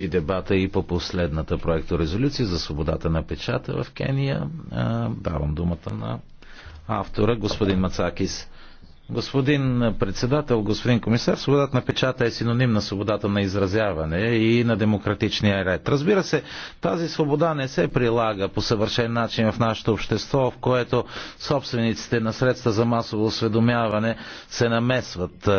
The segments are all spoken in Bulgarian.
и дебата и по последната резолюция за свободата на печата в Кения. Давам думата на автора, господин Мацакис. Господин председател, господин комисар, свободата на печата е синоним на свободата на изразяване и на демократичния ред. Разбира се, тази свобода не се прилага по съвършен начин в нашето общество, в което собствениците на средства за масово осведомяване се намесват е,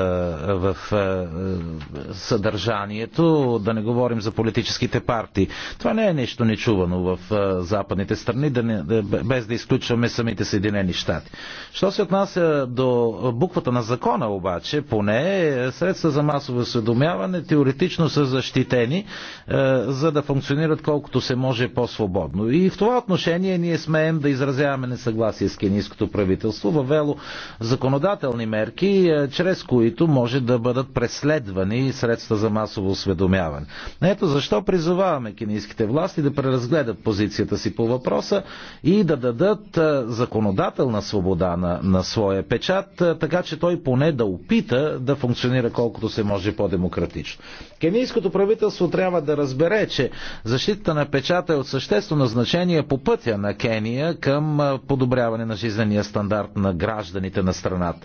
в е, съдържанието, да не говорим за политическите партии. Това не е нещо нечувано в е, западните страни, без да изключваме самите Съединени щати. Що се отнася до буквата на закона обаче, поне е средства за масово осведомяване теоретично са защитени, е, за да функционират колкото се може по-свободно. И в това отношение ние смеем да изразяваме несъгласие с кенийското правителство, въвело законодателни мерки, е, чрез които може да бъдат преследвани средства за масово осведомяване. Ето защо призоваваме кенийските власти да преразгледат позицията си по въпроса и да дадат законодателна свобода на, на своя печат, така че той поне да опита да функционира колкото се може по-демократично. Кенийското правителство трябва да разбере, че защитата на печата е от съществено значение по пътя на Кения към подобряване на жизнения стандарт на гражданите на страната.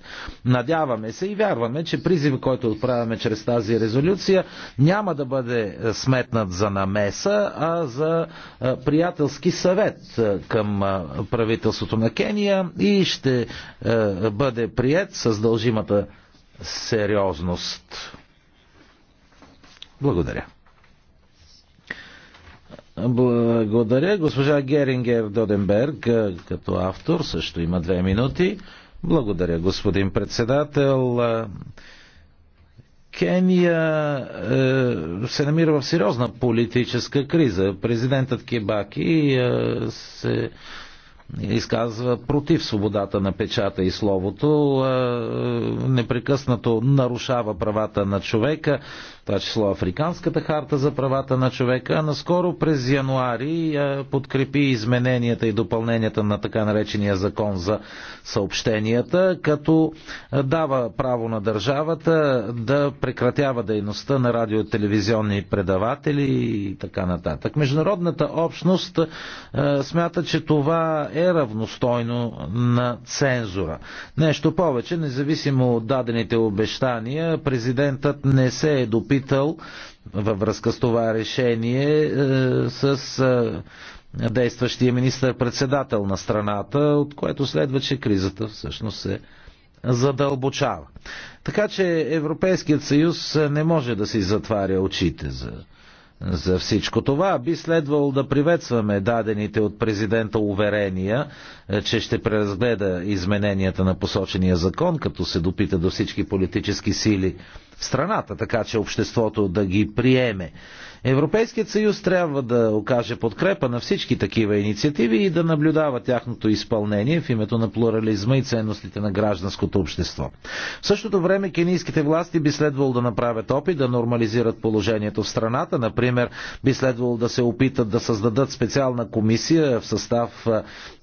Надяваме се и вярваме, че призив, който отправяме чрез тази резолюция, няма да бъде сметнат за намеса, а за приятелски съвет към правителството на Кения и ще бъде прият с дължимата сериозност. Благодаря. Благодаря. Госпожа Герингер Доденберг, като автор, също има две минути. Благодаря, господин председател. Кения е, се намира в сериозна политическа криза. Президентът Кебаки е, се изказва против свободата на печата и словото, непрекъснато нарушава правата на човека, това число Африканската харта за правата на човека, наскоро през януари е, подкрепи измененията и допълненията на така наречения закон за съобщенията, като е, дава право на държавата да прекратява дейността на радиотелевизионни предаватели и така нататък. Международната общност е, смята, че това е равностойно на цензура. Нещо повече, независимо от дадените обещания, президентът не се е допил попитал във връзка с това решение е, с е, действащия министър-председател на страната, от което следва, че кризата всъщност се задълбочава. Така че Европейският съюз не може да си затваря очите за, за всичко това. Би следвало да приветстваме дадените от президента уверения, е, че ще преразгледа измененията на посочения закон, като се допита до всички политически сили страната, така че обществото да ги приеме. Европейският съюз трябва да окаже подкрепа на всички такива инициативи и да наблюдава тяхното изпълнение в името на плурализма и ценностите на гражданското общество. В същото време кенийските власти би следвало да направят опит да нормализират положението в страната. Например, би следвало да се опитат да създадат специална комисия в състав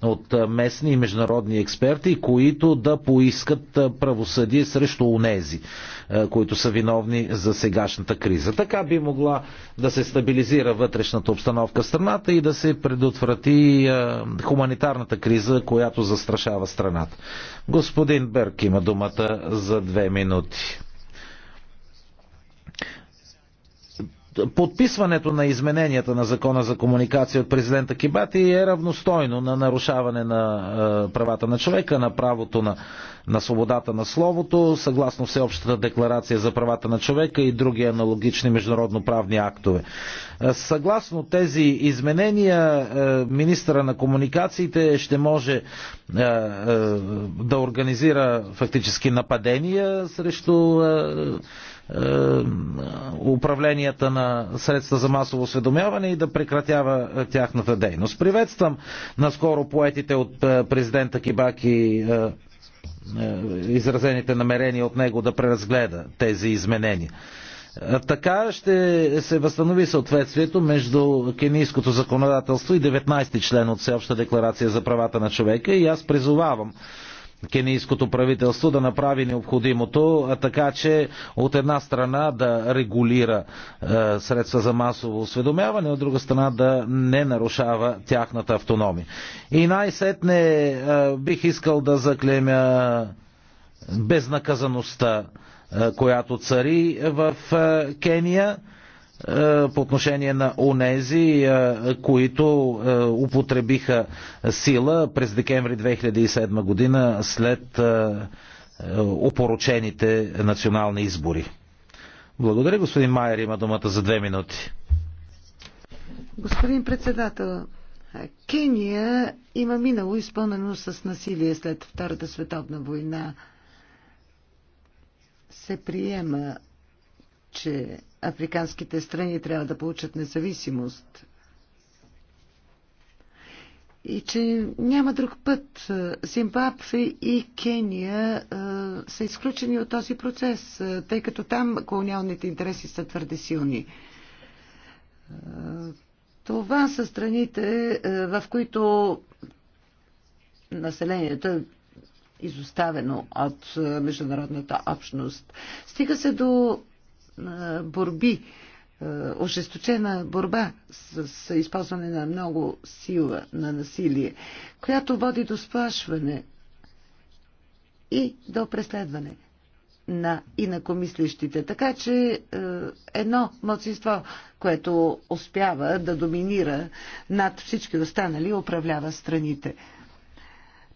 от местни и международни експерти, които да поискат правосъдие срещу унези, които са виновни за сегашната криза. Така би могла да да се стабилизира вътрешната обстановка в страната и да се предотврати хуманитарната криза, която застрашава страната. Господин Берг има думата за две минути. подписването на измененията на закона за комуникация от президента Кибати е равностойно на нарушаване на е, правата на човека, на правото на, на свободата на словото, съгласно Всеобщата декларация за правата на човека и други аналогични международно-правни актове. Е, съгласно тези изменения, е, министра на комуникациите ще може да организира фактически нападения срещу е, управленията на средства за масово осведомяване и да прекратява е, тяхната дейност. Приветствам наскоро поетите от е, президента Кибаки изразените намерения от него да преразгледа тези изменения. Така ще се възстанови съответствието между кенийското законодателство и 19 ти член от Всеобща декларация за правата на човека и аз призовавам кенийското правителство да направи необходимото, така че от една страна да регулира е, средства за масово осведомяване, от друга страна да не нарушава тяхната автономия. И най-сетне е, бих искал да заклемя безнаказаността, е, която цари в е, Кения е, по отношение на онези, е, които е, употребиха сила през декември 2007 година след опорочените национални избори. Благодаря, господин Майер. Има думата за две минути. Господин председател, Кения има минало изпълнено с насилие след Втората световна война. Се приема, че африканските страни трябва да получат независимост и че няма друг път. Зимбабве и Кения са изключени от този процес, тъй като там колониалните интереси са твърде силни. Това са страните, в които населението е изоставено от международната общност. Стига се до борби, ожесточена борба с използване на много сила, на насилие, която води до сплашване и до преследване на инакомислищите. Така че е, едно младсинство, което успява да доминира над всички останали, управлява страните.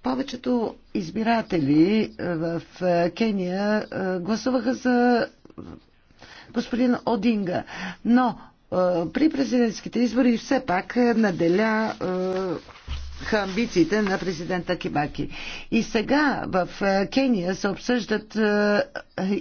Повечето избиратели е, в е, Кения гласуваха за господин Одинга. Но при президентските избори все пак наделя амбициите на президента Кибаки. И сега в е, Кения се обсъждат е,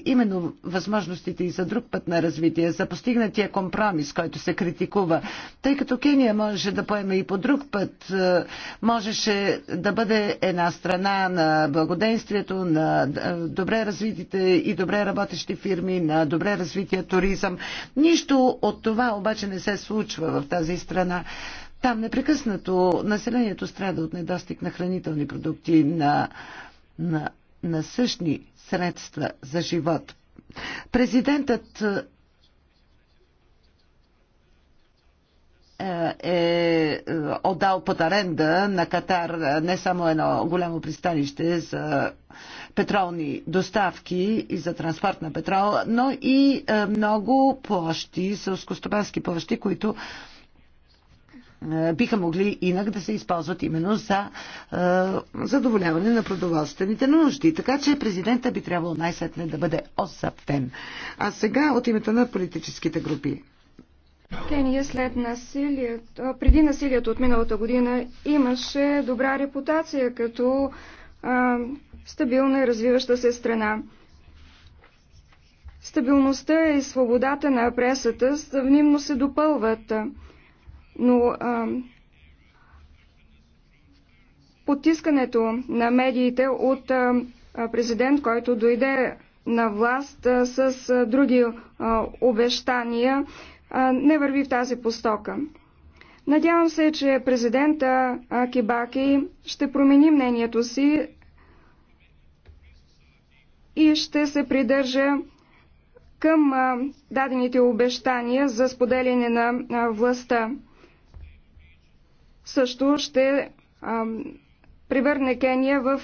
именно възможностите и за друг път на развитие, за постигнатия компромис, който се критикува. Тъй като Кения можеше да поеме и по друг път, е, можеше да бъде една страна на благоденствието, на добре развитите и добре работещи фирми, на добре развития туризъм. Нищо от това обаче не се случва в тази страна. Там непрекъснато населението страда от недостиг на хранителни продукти, на, на, на същни средства за живот. Президентът е, е отдал под аренда на Катар не само едно голямо пристанище за петролни доставки и за транспорт на петрол, но и е, много площи, селскостопански площи, които е, биха могли инак да се използват именно за е, задоволяване на продоволствените нужди. Така че президента би трябвало най-сетне да бъде осъптен. А сега от името на политическите групи. Кения след насилието, преди насилието от миналата година имаше добра репутация като е, стабилна и развиваща се страна. Стабилността и свободата на пресата съвнимно се допълват но а, потискането на медиите от а, президент, който дойде на власт а, с а, други а, обещания, а, не върви в тази постока. Надявам се, че президента а, Кибаки ще промени мнението си и ще се придържа към дадените обещания за споделяне на властта също ще превърне Кения в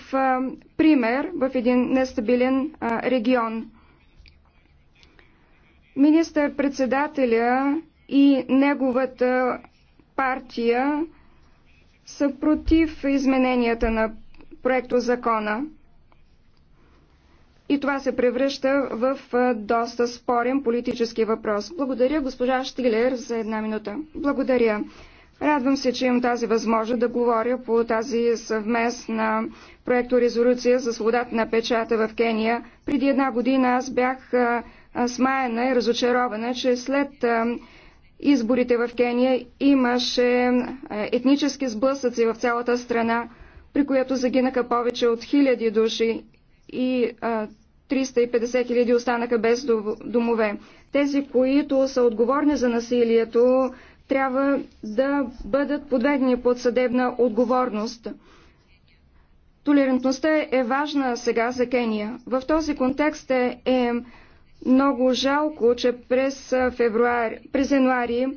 пример в един нестабилен регион. Министър-председателя и неговата партия са против измененията на проекто закона. И това се превръща в доста спорен политически въпрос. Благодаря госпожа Штилер за една минута. Благодаря. Радвам се, че имам тази възможност да говоря по тази съвместна проекторезолюция за свободата на печата в Кения. Преди една година аз бях смаяна и разочарована, че след изборите в Кения имаше етнически сблъсъци в цялата страна, при което загинаха повече от хиляди души и 350 хиляди останаха без домове. Тези, които са отговорни за насилието, трябва да бъдат подведени под съдебна отговорност. Толерантността е важна сега за Кения. В този контекст е, е много жалко, че през, февруари, през януари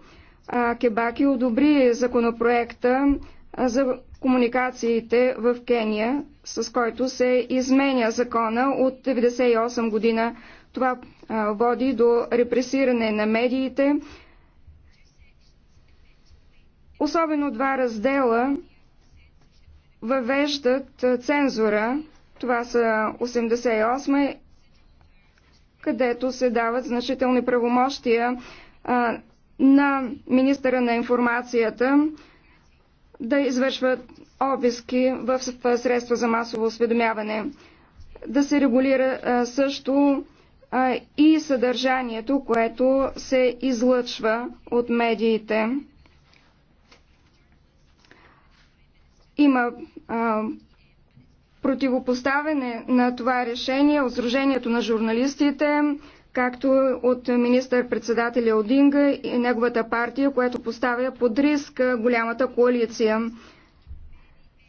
Кебаки одобри законопроекта за комуникациите в Кения, с който се изменя закона от 1998 година. Това води до репресиране на медиите, Особено два раздела въвеждат цензура. Това са 88, където се дават значителни правомощия а, на министъра на информацията да извършват обиски в средства за масово осведомяване. Да се регулира а, също а, и съдържанието, което се излъчва от медиите. Има а, противопоставяне на това решение от Сдружението на журналистите, както от министър-председателя Одинга и неговата партия, което поставя под риск голямата коалиция.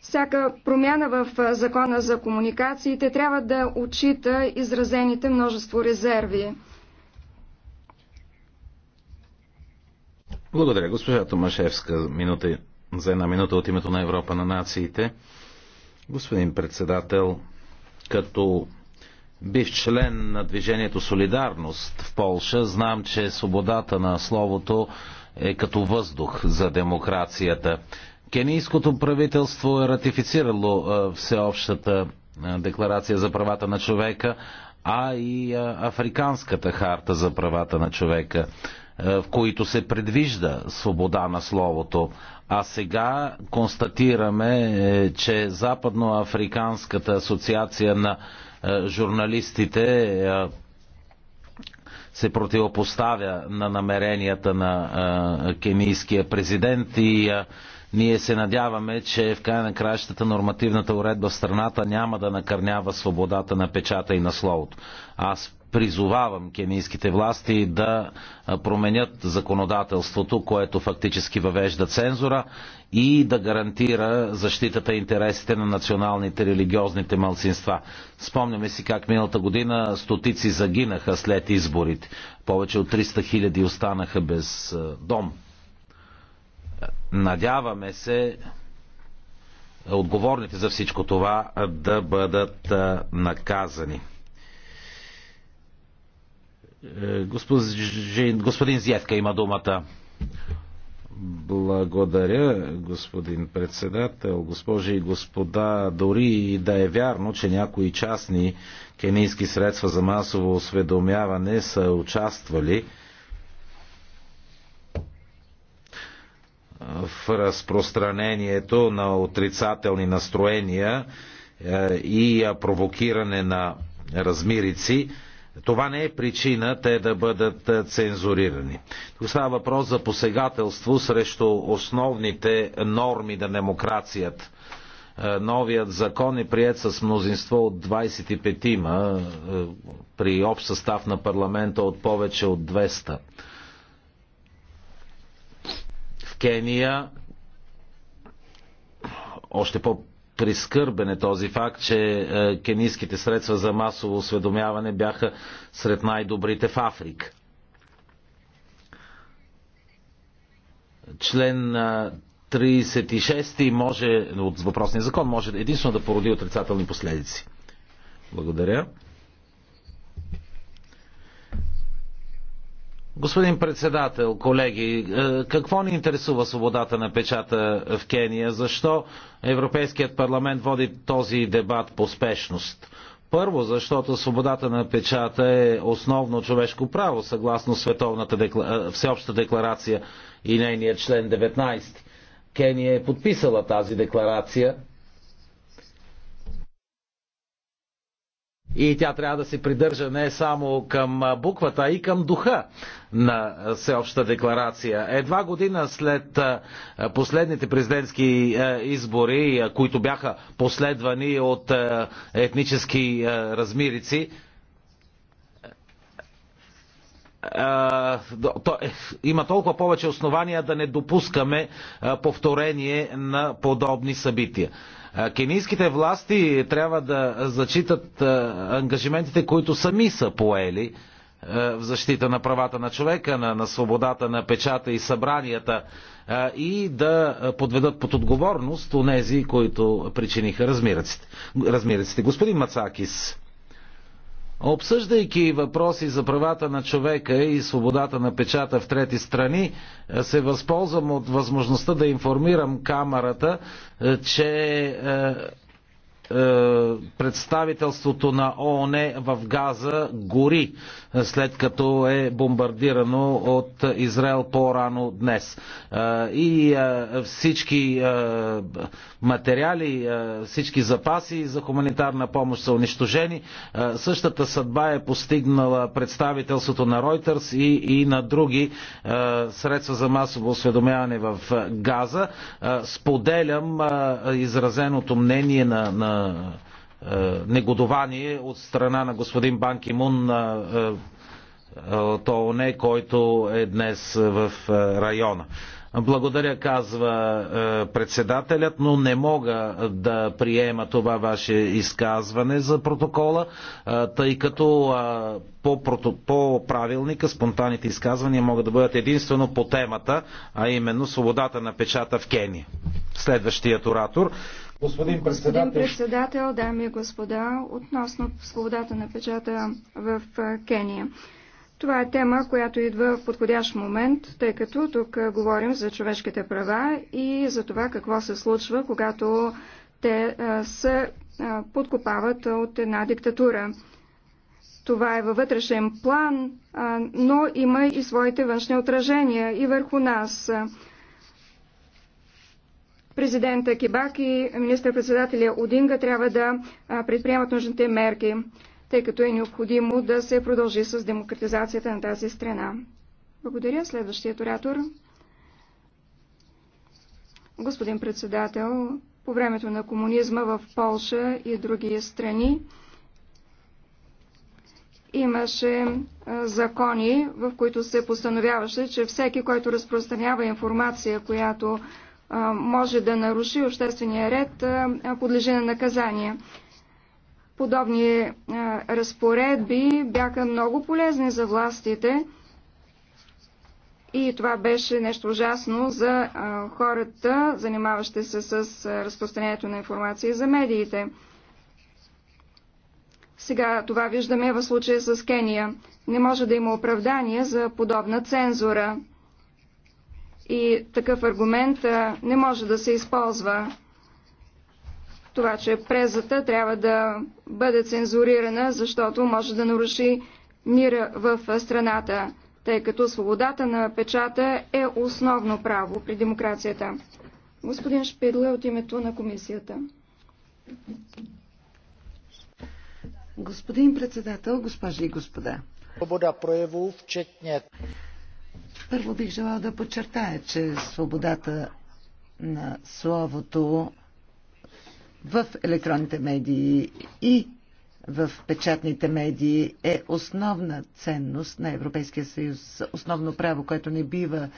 Всяка промяна в закона за комуникациите трябва да отчита изразените множество резерви. Благодаря. Госпожа Томашевска, минута за една минута от името на Европа на нациите. Господин председател, като бив член на движението Солидарност в Полша, знам, че свободата на словото е като въздух за демокрацията. Кенийското правителство е ратифицирало всеобщата декларация за правата на човека, а и Африканската харта за правата на човека, в които се предвижда свобода на словото. А сега констатираме, е, че Западноафриканската асоциация на е, журналистите е, се противопоставя на намеренията на кенийския президент и ние се надяваме, че в край на краищата нормативната уредба в страната няма да накърнява свободата на печата и на словото. Аз призовавам кенийските власти да променят законодателството, което фактически въвежда цензура и да гарантира защитата и интересите на националните религиозните малцинства. Спомняме си как миналата година стотици загинаха след изборите. Повече от 300 хиляди останаха без дом. Надяваме се отговорните за всичко това да бъдат наказани. Е, господин, Зятка има думата. Благодаря, господин председател, госпожи и господа. Дори и да е вярно, че някои частни кенийски средства за масово осведомяване са участвали в разпространението на отрицателни настроения е, и провокиране на размирици, това не е причина те да бъдат е, цензурирани. Тук става въпрос за посегателство срещу основните норми на демокрацията. Е, новият закон е прият с мнозинство от 25-ма е, при общ състав на парламента от повече от 200. В Кения още по прискърбен е този факт, че е, кенийските средства за масово осведомяване бяха сред най-добрите в Африка. Член 36 е, може, от въпросния закон може единствено да породи отрицателни последици. Благодаря. Господин председател, колеги, е, какво ни интересува свободата на печата в Кения? Защо Европейският парламент води този дебат по спешност? Първо, защото свободата на печата е основно човешко право, съгласно Световната декла... Е, всеобща декларация и нейният член 19. Кения е подписала тази декларация И тя трябва да се придържа не само към буквата, а и към духа на всеобща декларация. Едва година след последните президентски избори, които бяха последвани от етнически размирици, то, е, има толкова повече основания да не допускаме повторение на подобни събития. Кенийските власти трябва да зачитат ангажиментите, които сами са поели в защита на правата на човека, на, на свободата на печата и събранията и да подведат под отговорност у нези, които причиниха размираците. Господин Мацакис, Обсъждайки въпроси за правата на човека и свободата на печата в трети страни, е, се възползвам от възможността да информирам камерата, е, че е, е, представителството на ООН в Газа гори, е, след като е бомбардирано от Израел по-рано днес. Е, и всички материали, всички запаси за хуманитарна помощ са унищожени. Същата съдба е постигнала представителството на Ройтърс и, и на други средства за масово осведомяване в Газа. Споделям изразеното мнение на, на е, е, негодование от страна на господин Банкимун Мун е, от който е днес в района. Благодаря, казва председателят, но не мога да приема това ваше изказване за протокола, тъй като по, по правилника спонтанните изказвания могат да бъдат единствено по темата, а именно свободата на печата в Кения. Следващият оратор. Господин председател, Господин председател дами и господа, относно свободата на печата в Кения. Това е тема, която идва в подходящ момент, тъй като тук говорим за човешките права и за това какво се случва, когато те се подкопават от една диктатура. Това е във вътрешен план, но има и своите външни отражения и върху нас президента Кибак и министър-председателя Одинга трябва да предприемат нужните мерки, тъй като е необходимо да се продължи с демократизацията на тази страна. Благодаря. Следващият оратор. Господин председател, по времето на комунизма в Полша и други страни имаше закони, в които се постановяваше, че всеки, който разпространява информация, която може да наруши обществения ред, подлежи на наказание. Подобни разпоредби бяха много полезни за властите и това беше нещо ужасно за хората, занимаващи се с разпространението на информация за медиите. Сега това виждаме в случая с Кения. Не може да има оправдание за подобна цензура и такъв аргумент не може да се използва. Това, че презата трябва да бъде цензурирана, защото може да наруши мира в страната, тъй като свободата на печата е основно право при демокрацията. Господин Шпидле от името на комисията. Господин председател, госпожи и господа. Свобода в вчетне. Първо бих желала да подчертая, че свободата на словото в електронните медии и в печатните медии е основна ценност на Европейския съюз, основно право, което не бива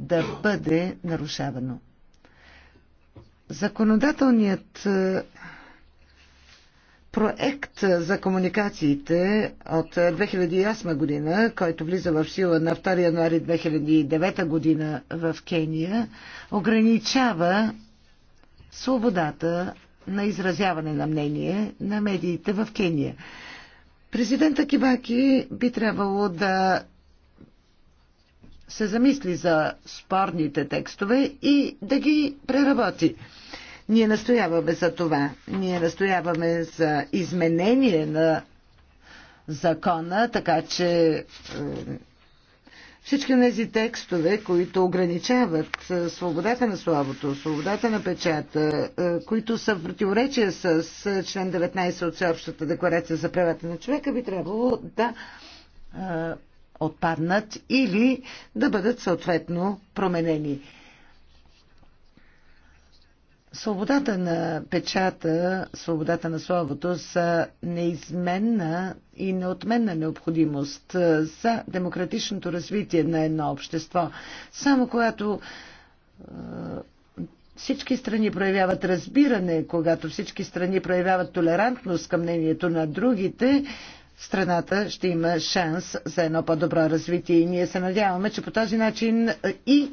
да бъде нарушавано. Законодателният проект за комуникациите от 2008 година, който влиза в сила на 2 януари 2009 година в Кения, ограничава свободата на изразяване на мнение на медиите в Кения. Президента Кибаки би трябвало да се замисли за спорните текстове и да ги преработи. Ние настояваме за това. Ние настояваме за изменение на закона, така че е, всички тези текстове, които ограничават е, свободата на словото, свободата на печата, е, които са в противоречие с член 19 от Всеобщата декларация за правата на човека, би трябвало да отпаднат или да бъдат съответно променени. Свободата на печата, свободата на словото са неизменна и неотменна необходимост за демократичното развитие на едно общество. Само когато всички страни проявяват разбиране, когато всички страни проявяват толерантност към мнението на другите, страната ще има шанс за едно по-добро развитие. И ние се надяваме, че по този начин и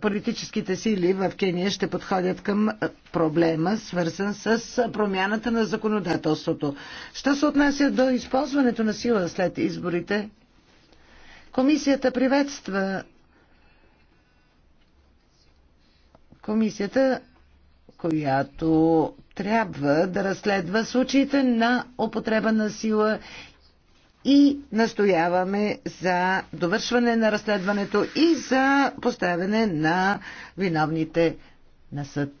политическите сили в Кения ще подходят към проблема, свързан с промяната на законодателството. Що се отнася до използването на сила след изборите? Комисията приветства комисията, която трябва да разследва случаите на употреба на сила и настояваме за довършване на разследването и за поставяне на виновните на съд.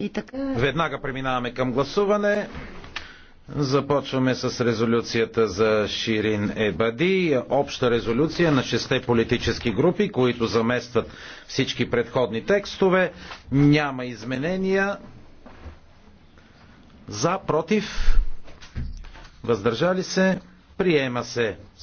И така... Веднага преминаваме към гласуване. Започваме с резолюцията за Ширин Ебади, обща резолюция на шесте политически групи, които заместват всички предходни текстове. Няма изменения. За, против, въздържали се, приема се.